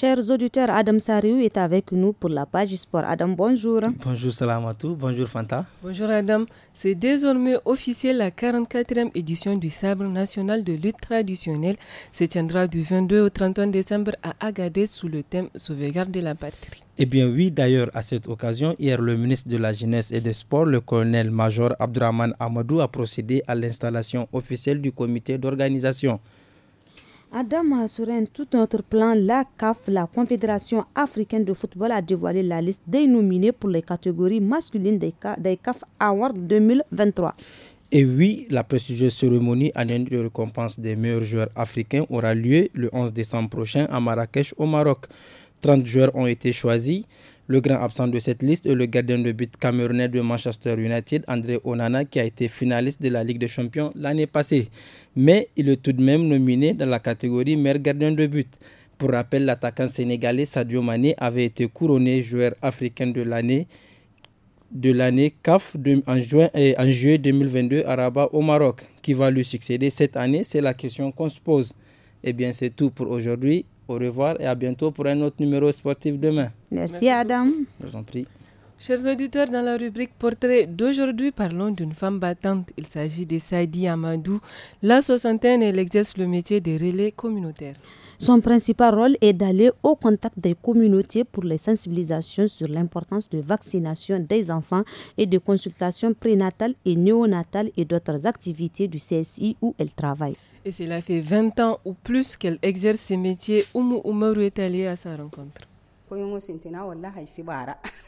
Chers auditeurs, Adam Sariou est avec nous pour la page sport. Adam, bonjour. Bonjour Salamatou, bonjour Fanta. Bonjour Adam. C'est désormais officiel la 44e édition du Sabre national de lutte traditionnelle se tiendra du 22 au 31 décembre à Agadez sous le thème Sauvegarde de la patrie. Eh bien oui, d'ailleurs, à cette occasion, hier, le ministre de la Jeunesse et des Sports, le colonel-major Abdurrahman Amadou, a procédé à l'installation officielle du comité d'organisation. Adam a sur un tout autre plan, la CAF, la Confédération africaine de football, a dévoilé la liste des nominés pour les catégories masculines des, des CAF Awards 2023. Et oui, la prestigieuse cérémonie annuelle de récompense des meilleurs joueurs africains aura lieu le 11 décembre prochain à Marrakech au Maroc. 30 joueurs ont été choisis. Le grand absent de cette liste est le gardien de but camerounais de Manchester United, André Onana, qui a été finaliste de la Ligue des Champions l'année passée. Mais il est tout de même nominé dans la catégorie meilleur gardien de but. Pour rappel, l'attaquant sénégalais Sadio Mané avait été couronné joueur africain de l'année de l'année CAF en, juin, et euh, en juillet 2022 à Rabat au Maroc. Qui va lui succéder cette année C'est la question qu'on se pose. Eh bien, c'est tout pour aujourd'hui. Au revoir et à bientôt pour un autre numéro sportif demain. Merci Adam. Je vous en prie. Chers auditeurs, dans la rubrique portrait d'aujourd'hui, parlons d'une femme battante. Il s'agit de Saidi Amadou. La soixantaine, elle exerce le métier de relais communautaire. Son principal rôle est d'aller au contact des communautés pour les sensibilisations sur l'importance de vaccination des enfants et de consultations prénatales et néonatales et d'autres activités du CSI où elle travaille. Et cela fait 20 ans ou plus qu'elle exerce ce métiers. Oumu Oumaru est allée à sa rencontre.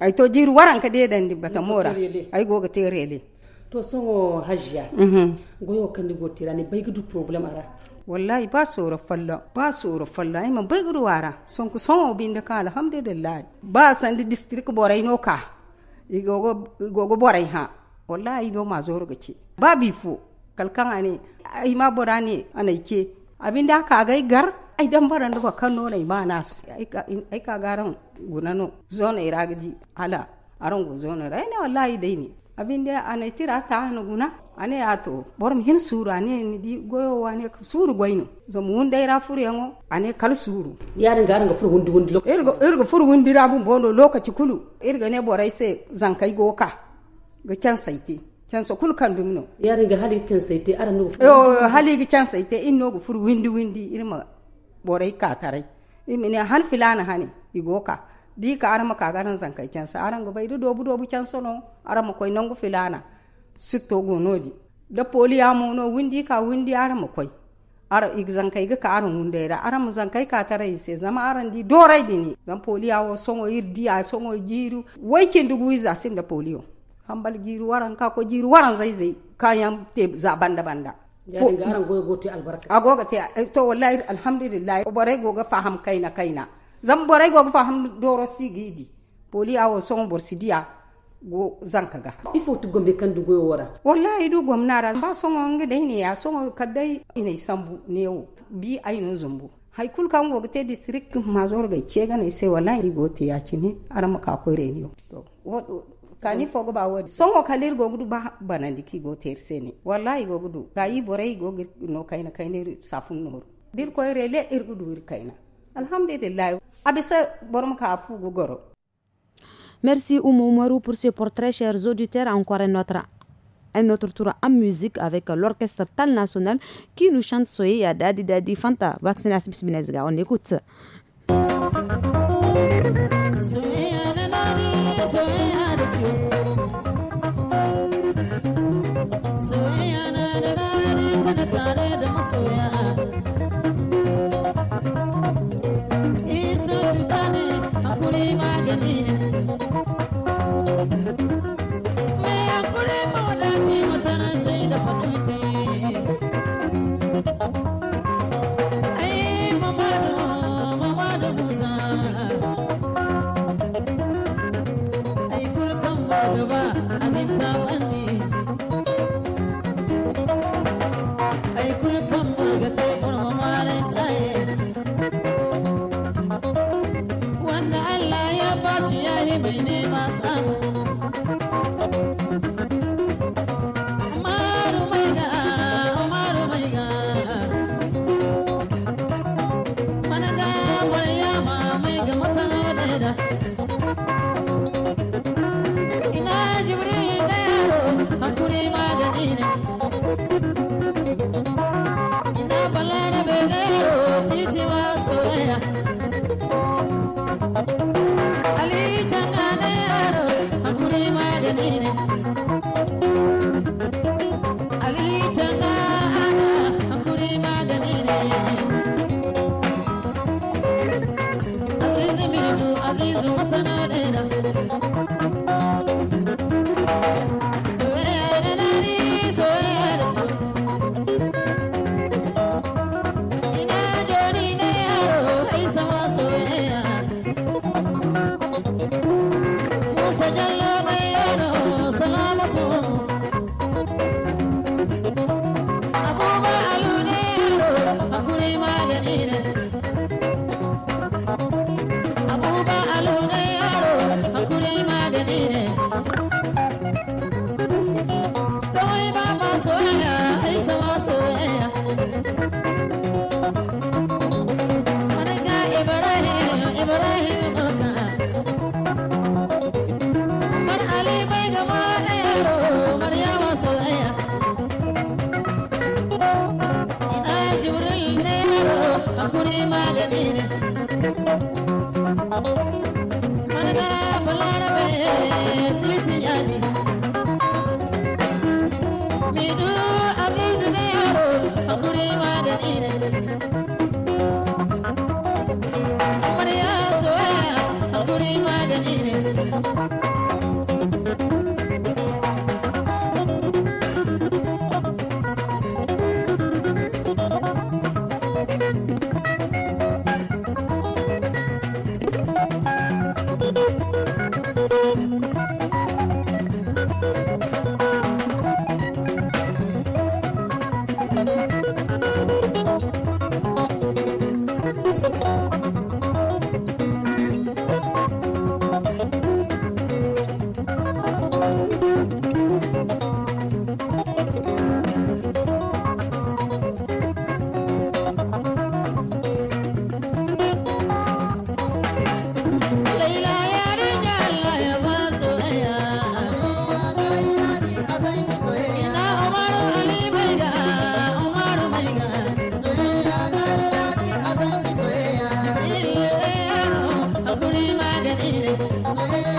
ay to jiru waran ka dedan di bata mora ay go ga terele to songo hajja mhm. goyo kandi go tirani bay du problem ara wallahi ba soro falla ba soro falla ay ma bay gudu wara son songo binda ka alhamdulillah ba di district boray no ka igogo gogo boray ha wallahi no ma zoro gace ba bifo kalkan ani ay ma borani anai ke abinda ka ga gar ai dan baran do kano ne manas ai ai ka garan gunano zona iragji ala aron go zona rai ne wallahi dai ne abin da ana tira ta hanu guna ane ato borom hin suru ane ni di goyo wane suru goyno zo mu hundai ra furu yango ane kal suru yarin ga furu wundi wundi lokaci irga irgo furu wundi ra fun bondo lokaci kulu irga ne borai se zankai goka ga can saiti can so kul kan dumno yarin ga hali kan saiti aran no yo hali ga can saiti in no furu wundi hundi irma borai ka tarai imini han filana hani igoka di ka arama ka garan zankai kensa aran go bai dobu dobu kenso no arama koy nangu filana sitto go nodi da poli amo no windi ka windi arama koy ara ig zankai ga ka arun wunde da arama zan zankai ka tarai se zama aran di dorai dini zan poli awo songo irdi a songo wai kin dugu iza sin da polio hambal jiru waran ka ko jiru waran zai zai kayan te za banda banda jadin ga aran goyo gote albarka agoga te eh, to wallahi alhamdulillah borai goga faham kaina kaina zan borai goga faham doro sigidi poli awo son borsidiya go zankaga ifo tu gombe kan du goyo wara wallahi du gomnara ba songo ngede ne ya songo kadai ina isambu newo bi ainu zumbu haikul kan wogte district mazor ga cega ne sai wallahi gote ya cini arama ka koyre ne to kani mm. fogo ba wodi songo kalir go gudu ba banandi ki go tersene wallahi gogudu kayi borei go no kayna kaina safun nor dir ko rele irgudu ir kaina alhamdulillah abisa borom ka afu gogoro goro Merci Oumou Marou pour ce portrait, chers auditeurs. Encore une autre un autre tour en musique avec l'orchestre Tal National qui nous chante Soye ya Dadi Dadi Fanta. On écoute. 结。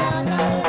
Chicago.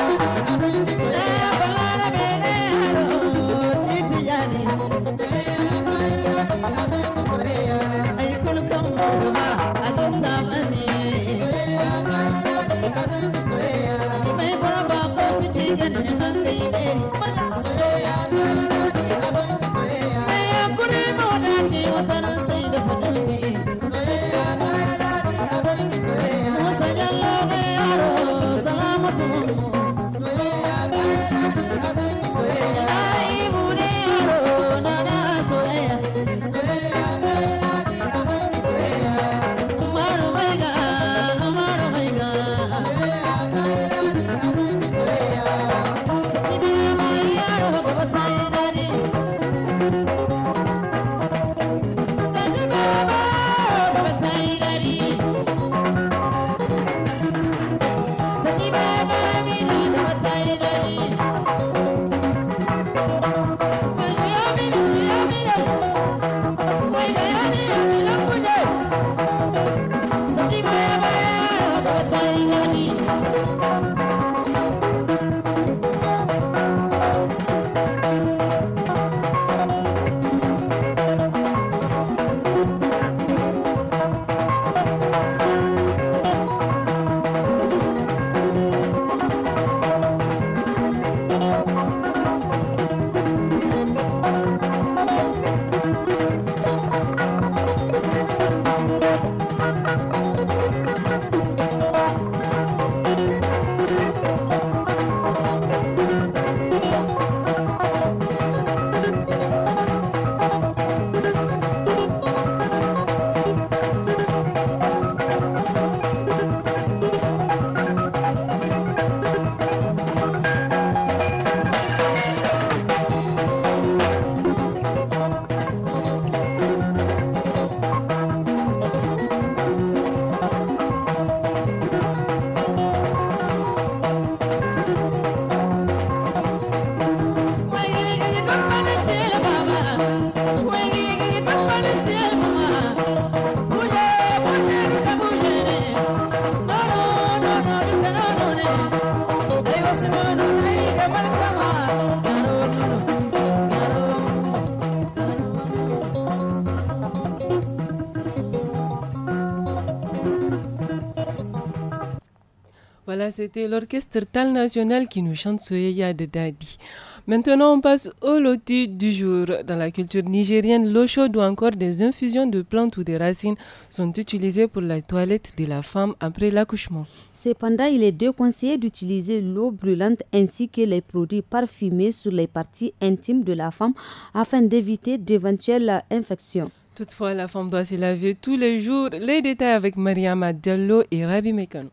c'était l'orchestre Tal National qui nous chante Soyeya de Dadi. Maintenant, on passe au loti du jour. Dans la culture nigérienne, l'eau chaude ou encore des infusions de plantes ou des racines sont utilisées pour la toilette de la femme après l'accouchement. Cependant, il est déconseillé d'utiliser l'eau brûlante ainsi que les produits parfumés sur les parties intimes de la femme afin d'éviter d'éventuelles infections. Toutefois, la femme doit se laver tous les jours. Les détails avec Mariama Dello et Rabi Mekano.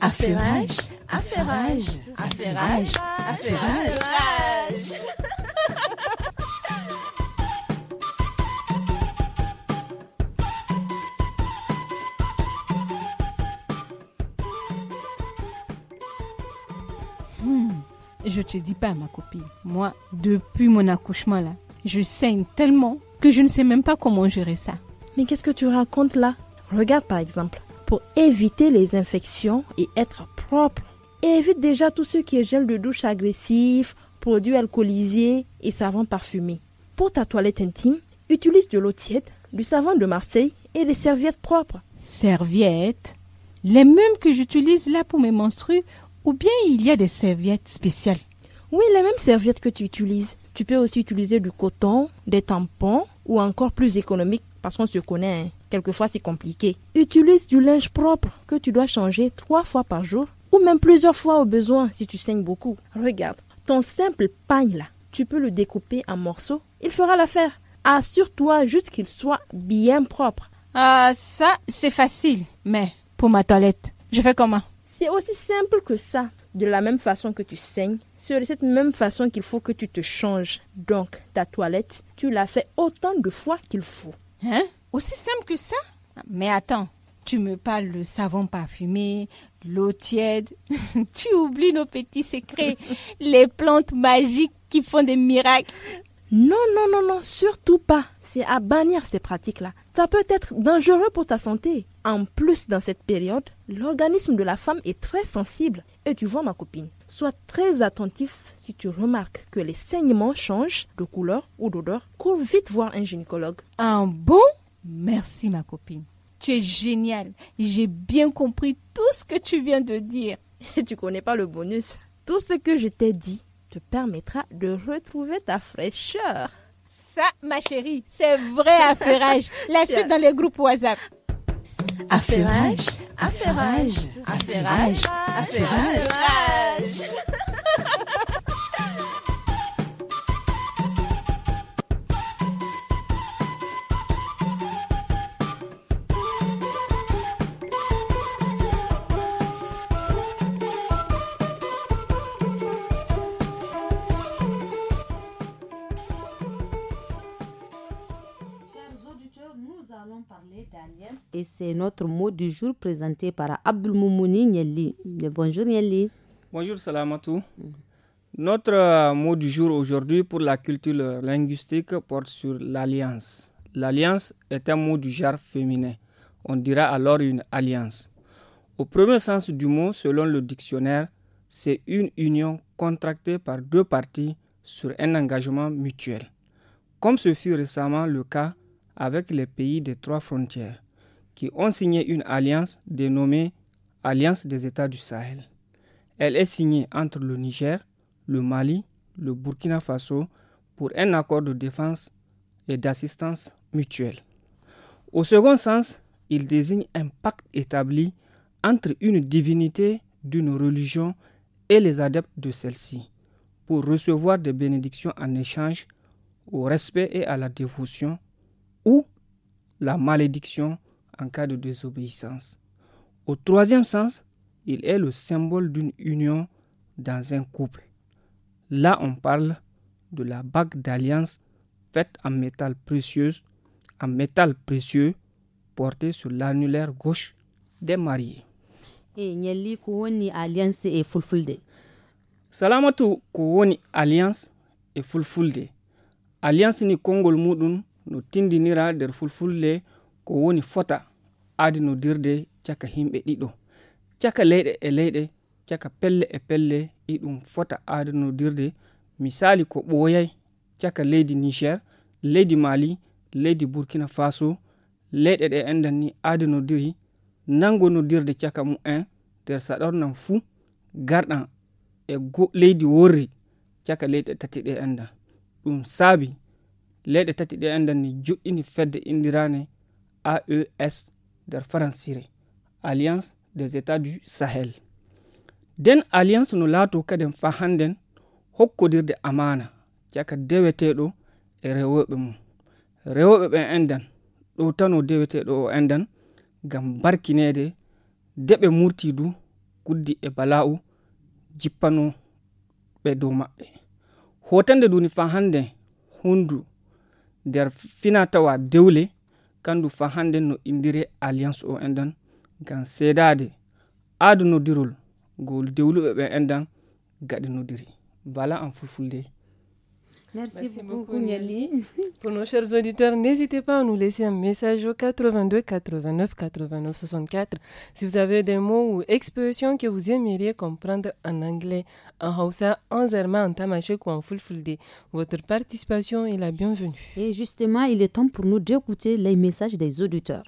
Affairage, affairage, affairage, affairage. Hmm. je te dis pas, ma copine. Moi, depuis mon accouchement là, je saigne tellement que je ne sais même pas comment gérer ça. Mais qu'est-ce que tu racontes là Regarde par exemple, pour éviter les infections et être propre. Évite déjà tous ce qui est de douche agressif, produits alcoolisés et savons parfumé. Pour ta toilette intime, utilise de l'eau tiède, du savon de Marseille et des serviettes propres. Serviettes Les mêmes que j'utilise là pour mes menstrues ou bien il y a des serviettes spéciales Oui, les mêmes serviettes que tu utilises. Tu peux aussi utiliser du coton, des tampons ou encore plus économique parce qu'on se connaît. Hein quelquefois c'est compliqué. Utilise du linge propre que tu dois changer trois fois par jour ou même plusieurs fois au besoin si tu saignes beaucoup. Regarde, ton simple pagne là, tu peux le découper en morceaux, il fera l'affaire. Assure-toi juste qu'il soit bien propre. Ah, ça, c'est facile. Mais pour ma toilette, je fais comment C'est aussi simple que ça. De la même façon que tu saignes, c'est de cette même façon qu'il faut que tu te changes. Donc, ta toilette, tu la fais autant de fois qu'il faut. Hein aussi simple que ça Mais attends, tu me parles de savon parfumé, l'eau tiède, tu oublies nos petits secrets, les plantes magiques qui font des miracles. Non, non, non, non, surtout pas. C'est à bannir ces pratiques-là. Ça peut être dangereux pour ta santé. En plus, dans cette période, l'organisme de la femme est très sensible. Et tu vois, ma copine, sois très attentif si tu remarques que les saignements changent de couleur ou d'odeur. Cours vite voir un gynécologue. Un ah bon Merci ma copine. Tu es géniale. J'ai bien compris tout ce que tu viens de dire. tu connais pas le bonus. Tout ce que je t'ai dit te permettra de retrouver ta fraîcheur. Ça, ma chérie, c'est vrai affaire La suite dans les groupes WhatsApp. affaire âge, affaire âge. » parler et c'est notre mot du jour présenté par Abdelmoumouni Nyeli. Bonjour Nyeli. Bonjour Salamatou. Notre euh, mot du jour aujourd'hui pour la culture linguistique porte sur l'alliance. L'alliance est un mot du genre féminin. On dira alors une alliance. Au premier sens du mot, selon le dictionnaire, c'est une union contractée par deux parties sur un engagement mutuel. Comme ce fut récemment le cas avec les pays des trois frontières, qui ont signé une alliance dénommée Alliance des États du Sahel. Elle est signée entre le Niger, le Mali, le Burkina Faso pour un accord de défense et d'assistance mutuelle. Au second sens, il désigne un pacte établi entre une divinité d'une religion et les adeptes de celle-ci pour recevoir des bénédictions en échange au respect et à la dévotion ou la malédiction en cas de désobéissance. Au troisième sens, il est le symbole d'une union dans un couple. Là, on parle de la bague d'alliance faite en métal précieux, en métal précieux porté sur l'annulaire gauche des mariés. salamatu eh, ko alliance e fulfulde alliance ni kongol no tindinira nder fulfulde ko woni fota adi no dirde caka himɓe ɗiɗo caka leyɗe e leyɗe caka pelle e pelle i ɗum fota adi no dirde misali ko ɓooyay caka leydi niger leydi mali leydi burkina faso leyɗe ɗe endan ni adi no diri nango no dirde caka mu'en nder saɗornan fuu garɗan e leydi worri caka leyɗe tati ɗe endan ɗum saabi leyɗe tati ɗe andani juɗɗini fedde indirane aes nder faransire alliance des états du sahel nden alliance no laato kadi fa hannden hokkodirde amana caka deweteɗo e rewoɓe mum rewoɓe ɓen endan ɗo tano deweteɗo o endan ngam barkinede de ɓe murti du guddi e bala'u jippano ɓe dow maɓɓe hotande duni fa hannde hundu nder finatawa dewle kandu fa hande no indire alliance o enɗan ngam seedade aadunodirol gol dewluɓeɓe enɗan gaɗinodiri bala an fulfulde Merci, beaucoup, Niali. Pour nos chers auditeurs, n'hésitez pas à nous laisser un message au 82 89 89 64 si vous avez des mots ou expressions que vous aimeriez comprendre en anglais, en Hausa, en Zerma, en tamaché ou en Fulfulde. Votre participation est la bienvenue. Et justement, il est temps pour nous d'écouter les messages des auditeurs.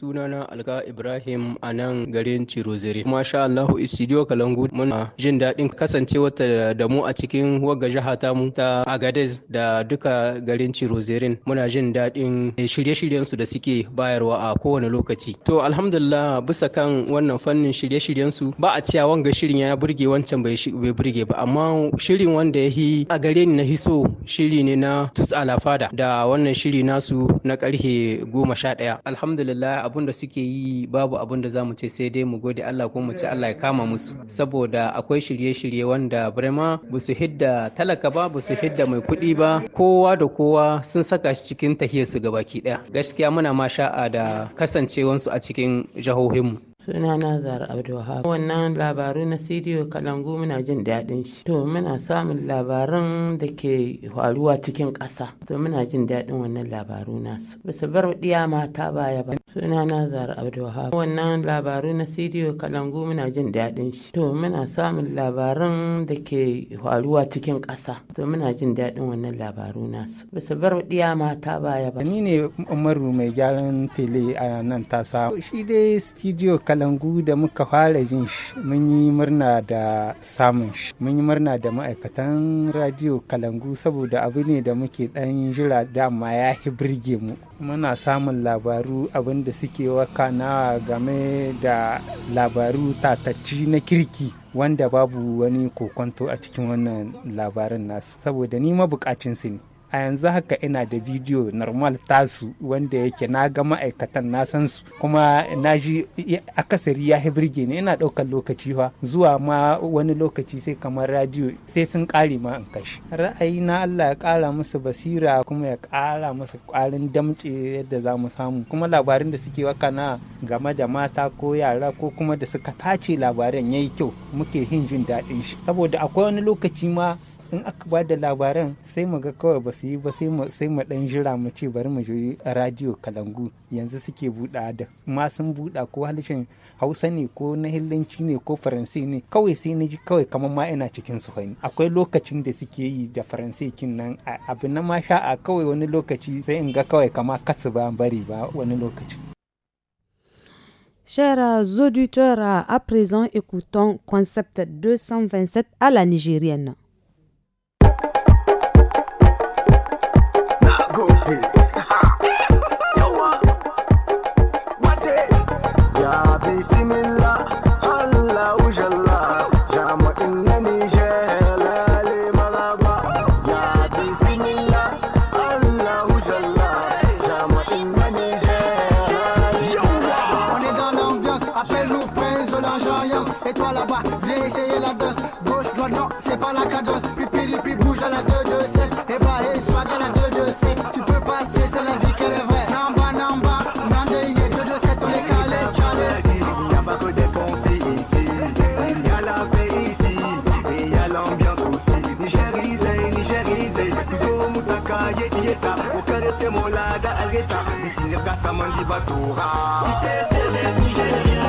sunana alga ibrahim a nan garin cirozere masha allahu istidiyo kalangu muna jin daɗin kasancewata da mu a cikin wagga jiha ta mu ta agadez da duka garin cirozerin muna jin daɗin shirye-shiryen da suke bayarwa a kowane lokaci to alhamdulillah bisa kan wannan fannin shirye-shiryen ba a cewa wanga shirin ya burge wancan bai burge ba amma shirin wanda ya yi a gare ni na hiso shiri ne na tus alafada da wannan shiri nasu na karhe goma sha ɗaya alhamdulillah abin da suke yi babu abin da za mu ce sai dai mu gode Allah ko mu ci Allah ya kama musu saboda akwai shirye-shirye wanda Brema ba su hidda talaka ba ba su hidda mai kuɗi ba kowa da kowa sun saka shi cikin tahiyar su gabaki ɗaya gaskiya muna ma sha'a da kasancewansu a cikin jahohinmu. Suna na Zara Abdulwahab. Wannan labaru na Sidiyo Kalangu muna jin daɗin shi. To muna samun labaran da ke faruwa cikin ƙasa. To muna jin daɗin wannan labaru nasu. Basu bar ɗiya mata baya ba. Suna na Zara Abdulwahab. Wannan labaru na Sidiyo Kalangu muna jin daɗin shi. To muna samun labaran da ke faruwa cikin ƙasa. To muna jin daɗin wannan labaru nasu. Basu bar ɗiya mata baya ba. Ni ne Umaru mai gyaran tile a nan tasa. Shi dai Studio kalangu da muka fara jin shi mun yi murna da samun shi mun yi murna da ma'aikatan radio kalangu saboda abu ne da muke dan jira dama ya birge mu muna samun labaru abin da suke wakana game da labaru tatacci na kirki wanda babu wani kokonto a cikin wannan labarin nasu saboda ni mabukacin su ne a yanzu haka ina da bidiyo normal tasu wanda yake na ga ma'aikatan na san su kuma na ji akasari ya fi birge ne ina ɗaukar lokaci fa zuwa ma wani lokaci sai kamar radiyo sai sun ƙare ma in kashi ra'ayi na Allah ya ƙara musu basira kuma ya ƙara musu ƙwarin damce yadda za mu samu kuma labarin da suke waka na game da mata ko yara ko kuma da suka tace labaran yayi kyau muke hin jin daɗin shi saboda akwai wani lokaci ma in aka ba da labaran sai mu ga kawai ba su yi ba sai mu dan jira mu ce bari mu a radio kalangu yanzu suke buɗa da ma sun buɗa ko halishin hausa ne ko na hillanci ne ko faransi ne kawai sai na ji kawai kamar ma ina cikin su akwai lokacin da suke yi da faransi kin nan abu na ma sha'a kawai wani lokaci sai in ga kawai kama kasu ba bari ba wani lokaci Chers auditeurs, à présent écoutons Concept 227 à la nigérienne. see me mola da algeta bitinir kasa mandiba tora Site sele Nigeria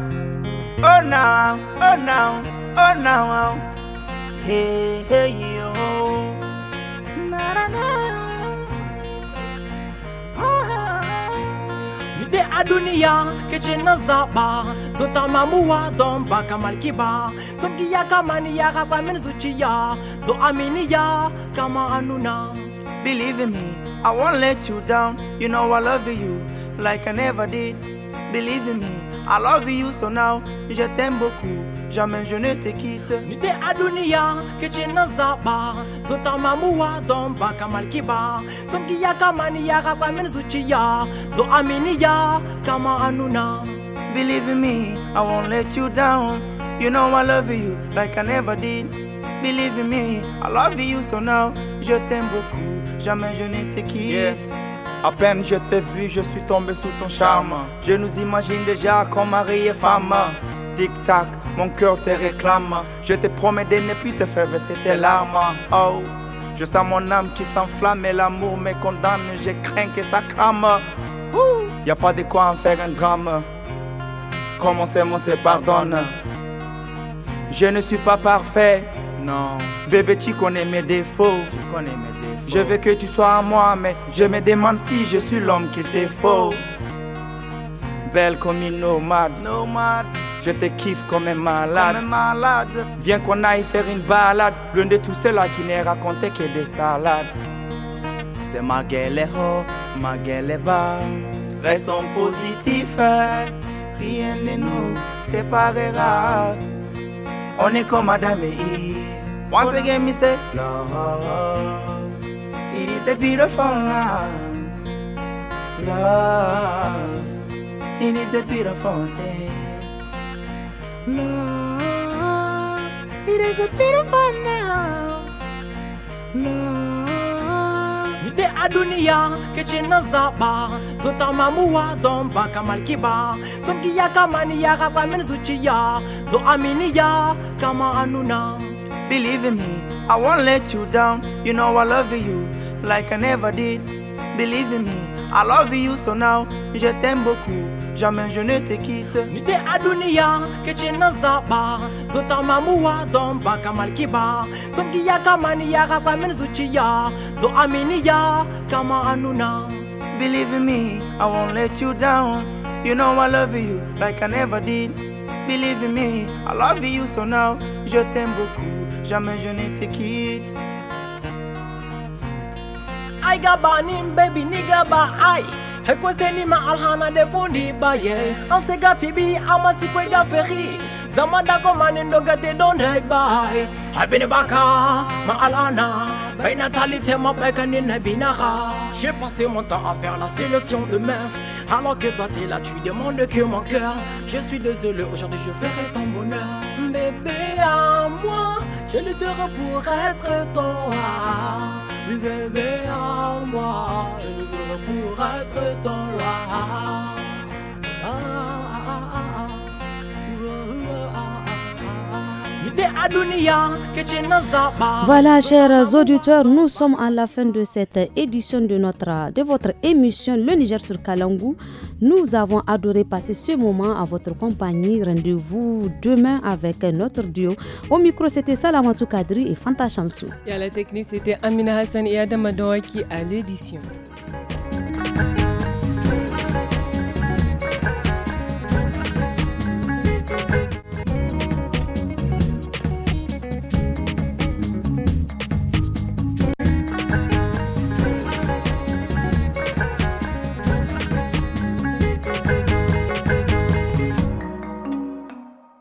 now, oh now, oh now, oh. Hey, hey, yo. Na na na. Oh, oh. De adunia kechena zaba zota mamuwa domba kamal kiba kama kamani ya kasamin zuchiya zo aminiya kama anuna believe in me I won't let you down you know I love you like I never did believe in me I love you so now je t'aime beaucoup, jamais je ne te quitte. Nide a que ke chena zaba, zota mamuwa don baka malkiba. zo amini kama anuna. Believe in me, I won't let you down. You know I love you like I never did. Believe in me, I love you so now. Je t'aime beaucoup, jamais je ne te quitte. A peine je t'ai vu, je suis tombé sous ton charme. Je nous imagine déjà comme mari et femme tic mon cœur te réclame. Je te promets de ne plus te faire verser tes larmes. Oh, je sens mon âme qui s'enflamme et l'amour me condamne. Je crains que ça crame. Y'a Y a pas de quoi en faire un drame. Comme on sait, se pardonne. Je ne suis pas parfait. Non. Bébé, tu connais mes défauts. Tu connais mes défauts. Je veux que tu sois à moi, mais je me demande si je suis l'homme qu'il te faut belle comme une nomade. Je te kiffe comme un malade. Viens qu'on aille faire une balade. L'un de tous ceux-là qui n'est raconté que des salades. C'est ma gueule haut, ma gueule bas. Restons positifs. Rien ne nous séparera. On est comme Adam et Eve. Once again, me say love. It is a beautiful love, Love. It is a beautiful thing. love. it is a beautiful now. Lord, de adunia kechina zaba zota mamuwa domba kamalkiba zonkiya kamaniya kafamin zuchiya zo aminiya kama anuna. Believe in me, I won't let you down. You know I love you like I never did. Believe in me, I love you so now. Je t'aime beaucoup. jamais je ne te quitte nide a que kece na zaɓa zota Kamal don baka malkiba son kiya kama zo aminiya kama anuna believe me i won't let you down you know i love you like i never did believe in me i love you so now je t'aime beaucoup jamais je ne te quitte I got baby, nigga, Ba I ekweseni de fondi baye ansegatibi amasikwega feri zamadakomani ndogate dondaibai abini baka maalana ni mabaikani nabinaha j'ai passé mon temps à faire la sélection de meufs alors que toi t'es là tu demandes que mon cœur je suis désolé aujourd'hui je ferai ton bonheur bébé à moi, je lutterai pour être ton roi. Oui, bébé à moi, je lutterai pour être ton roi. Voilà, chers auditeurs, nous sommes à la fin de cette édition de, notre, de votre émission Le Niger sur Kalangou. Nous avons adoré passer ce moment à votre compagnie. Rendez-vous demain avec notre duo. Au micro, c'était Salamatou Kadri et Fanta Chamsou. Et à la technique, c'était Amina Hassan et Adam qui à l'édition.